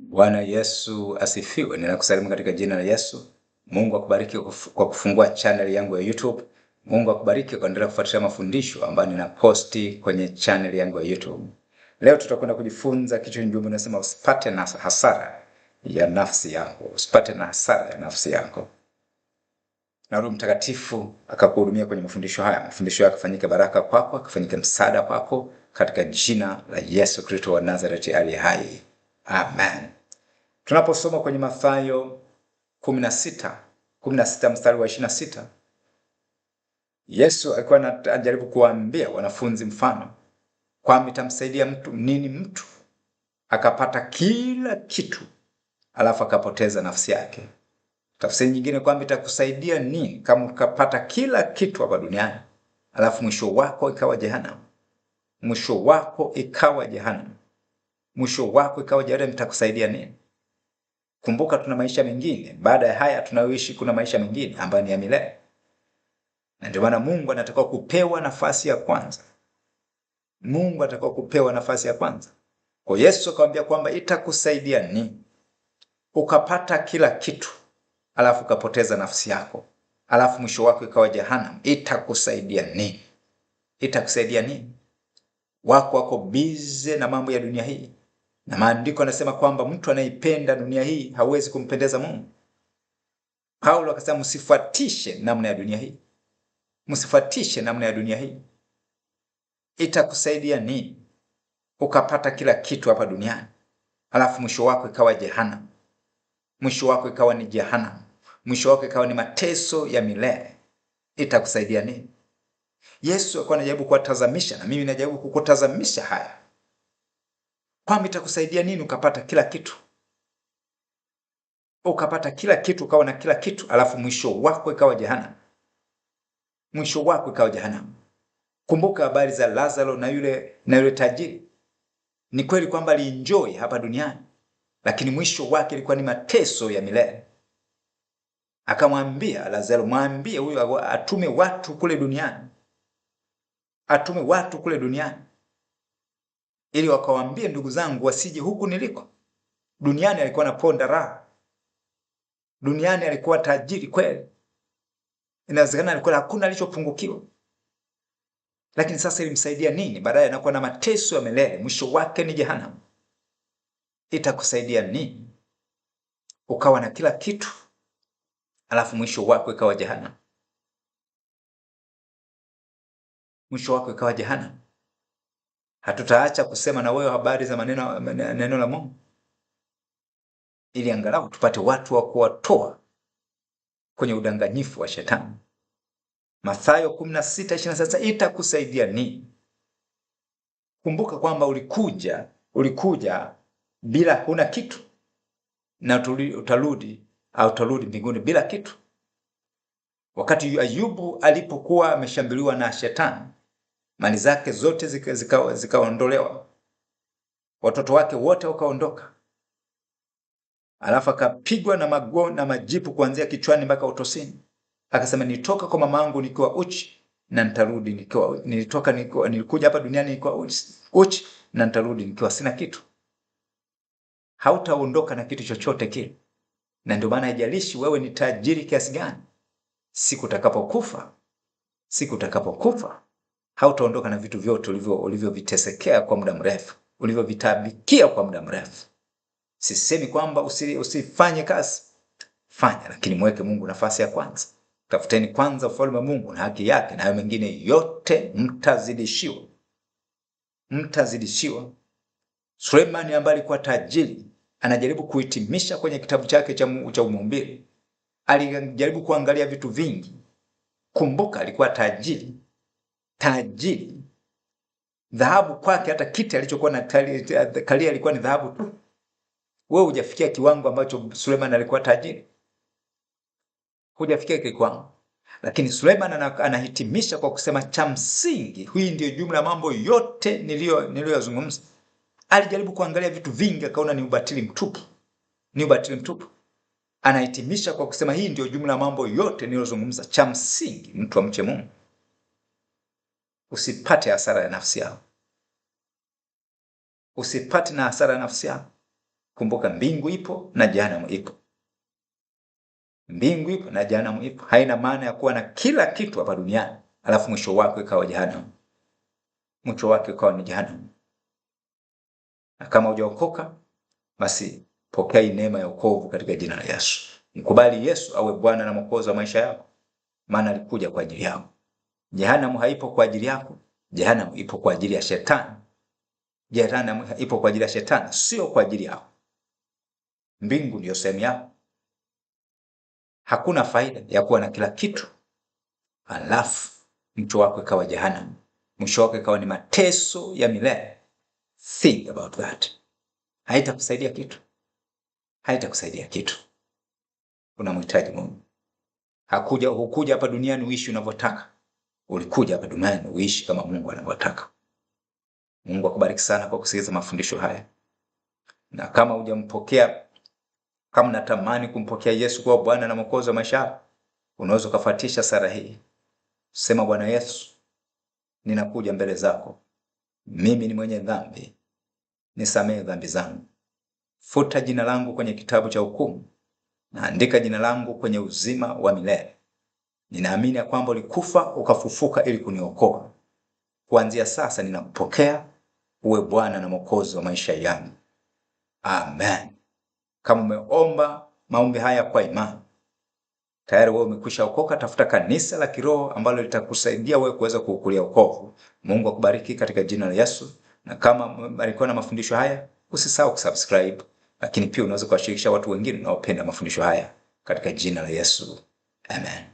Bwana Yesu asifiwe. Ninakusalimu katika jina la Yesu. Mungu akubariki kwa kufungua channel yangu ya YouTube. Mungu akubariki kwa kuendelea kufuatilia mafundisho ambayo ninaposti kwenye channel yangu ya YouTube. Leo tutakwenda kujifunza kichwa cha jumbe nasema usipate na hasara ya nafsi yako. Usipate na hasara ya nafsi yako. Na Roho Mtakatifu akakuhudumia kwenye mafundisho haya. Mafundisho haya yakafanyike baraka kwako, akafanyike msaada kwako katika jina la Yesu Kristo wa Nazareti aliye hai. Amen. Tunaposoma kwenye Mathayo 16 16 mstari wa 26, Yesu alikuwa anajaribu kuwaambia wanafunzi mfano kwamba itamsaidia mtu nini mtu akapata kila kitu alafu akapoteza nafsi yake. Tafsiri nyingine kwamba itakusaidia nini kama ukapata kila kitu hapa duniani alafu mwisho wako ikawa jehanamu, mwisho wako ikawa jehanamu mwisho wako ikawa jaribu nitakusaidia nini? Kumbuka tuna maisha mengine baada ya haya tunayoishi, kuna maisha mengine ambayo ni ya milele, na ndio maana Mungu anatakiwa kupewa nafasi ya kwanza. Mungu anatakiwa kupewa nafasi ya kwanza. Kwa Yesu akamwambia kwamba itakusaidia nini ukapata kila kitu alafu ukapoteza nafsi yako, alafu mwisho wako ikawa jehanamu? Itakusaidia nini? Itakusaidia nini? Wako wako bize na mambo ya dunia hii na maandiko yanasema kwamba mtu anayeipenda dunia hii hawezi kumpendeza Mungu. Paulo akasema msifuatishe namna ya dunia hii, msifuatishe namna ya dunia hii. Itakusaidia nini ukapata kila kitu hapa duniani alafu mwisho wako ikawa jehanamu, mwisho wako ikawa ni jehanamu, mwisho wako ikawa ni mateso ya milele? Itakusaidia nini? Yesu alikuwa anajaribu kuwatazamisha, na mimi najaribu kukutazamisha haya kwamba itakusaidia nini ukapata kila kitu ukapata kila kitu ukawa na kila kitu, alafu mwisho wako ikawa jehanamu, mwisho wako ikawa jehanamu. Kumbuka habari za Lazaro na yule, na yule tajiri. Ni kweli kwamba alienjoy hapa duniani, lakini mwisho wake ilikuwa ni mateso ya milele. Akamwambia Lazaro, mwambie huyo atume watu kule duniani, atume watu kule duniani ili wakawaambie ndugu zangu wasije huku niliko. Duniani alikuwa na ponda raha, duniani alikuwa tajiri kweli, inawezekana alikuwa hakuna alichopungukiwa, lakini sasa ilimsaidia nini? Baadaye anakuwa na mateso ya milele, mwisho wake ni jehanamu. Itakusaidia nini ukawa na kila kitu alafu mwisho wako ikawa jehanamu, mwisho wako ikawa jehanamu? hatutaacha kusema na wewe habari za maneno, neno la Mungu ili angalau tupate watu wa kuwatoa kwenye udanganyifu wa shetani. Mathayo 16:26 itakusaidia nini? Kumbuka kwamba ulikuja ulikuja bila huna kitu na utarudi au utarudi mbinguni bila kitu. Wakati Ayubu alipokuwa ameshambuliwa na shetani mali zake zote zikaondolewa, zika, zika watoto wake wote wakaondoka, alafu akapigwa na mago na majipu kuanzia kichwani mpaka utosini. Akasema, nitoka kwa mamangu nikiwa uchi na nitarudi nikiwa, nilitoka nikiwa, nilikuja hapa duniani nikiwa uchi na nitarudi nikiwa sina kitu. Hautaondoka na kitu chochote kile, na ndio maana haijalishi wewe ni tajiri kiasi gani, siku utakapokufa, siku utakapokufa hautaondoka na vitu vyote ulivyovitesekea kwa muda mrefu, ulivyovitabikia kwa muda mrefu. Sisemi kwamba usifanye kazi, fanya, lakini mweke Mungu nafasi ya kwanza. Tafuteni kwanza ufalme wa Mungu na haki yake, nayo mengine yote mtazidishiwa. Mtazidishiwa. Sulemani ambaye alikuwa tajiri anajaribu kuhitimisha kwenye kitabu chake cha Mhubiri, alijaribu kuangalia vitu vingi. Kumbuka alikuwa tajiri tajiri, dhahabu kwake, hata kiti alichokuwa na kalia alikuwa ni dhahabu tu. Wewe hujafikia kiwango ambacho Suleiman alikuwa tajiri, hujafikia kile kiwango. Lakini Suleiman anahitimisha kwa kusema cha msingi, hii ndio jumla mambo yote niliyozungumza. Alijaribu kuangalia vitu vingi, akaona ni ubatili mtupu, ni ubatili mtupu. Anahitimisha kwa kusema hii ndio jumla mambo yote niliyozungumza, cha msingi mtu amche Mungu usipate hasara ya nafsi yako, usipate na hasara ya nafsi yako. Kumbuka mbingu ipo na jehanamu ipo, mbingu ipo na jehanamu ipo. Haina maana ya kuwa na kila kitu hapa duniani alafu mwisho wako ikawa jehanamu, mwisho wako ikawa ni jehanamu. Na kama hujaokoka basi pokea neema ya wokovu katika jina la Yesu. Mkubali Yesu awe Bwana na Mwokozi wa maisha yako, maana alikuja kwa ajili yako. Jehanamu haipo kwa ajili yako, jehanamu ipo kwa ajili ya shetani. Jehanamu ipo kwa ajili ya shetani, sio kwa ajili yako. Mbingu ndiyo sehemu yako. Hakuna faida ya kuwa na kila kitu alafu mwisho wako ikawa jehanamu, mwisho wako ikawa ni mateso ya milele. Think about that. Haitakusaidia kitu, haitakusaidia kitu. Unamhitaji Mungu. Hakuja, hukuja hapa duniani uishi unavyotaka. Ulikuja hapa duniani uishi kama Mungu anavyotaka. Mungu akubariki sana kwa kusikiliza mafundisho haya, na kama hujampokea, kama natamani kumpokea Yesu kuwa Bwana na Mwokozi wa maisha, unaweza ukafuatisha sala hii. Sema, Bwana Yesu, ninakuja mbele zako, mimi ni mwenye dhambi, nisamehe dhambi zangu, futa jina langu kwenye kitabu cha hukumu, naandika jina langu kwenye uzima wa milele. Ninaamini ya kwamba ulikufa ukafufuka ili kuniokoa. Kuanzia sasa ninakupokea uwe Bwana na Mwokozi wa maisha yangu. Amen. Kama umeomba maombi haya kwa imani, tayari wewe umekwisha okoka. Tafuta kanisa la kiroho ambalo litakusaidia wewe kuweza kuukulia wokovu. Mungu akubariki katika jina la Yesu, na kama umebarikiwa na mafundisho haya, usisahau kusubscribe, lakini pia unaweza kuwashirikisha watu wengine unaopenda mafundisho haya katika jina la Yesu. Amen.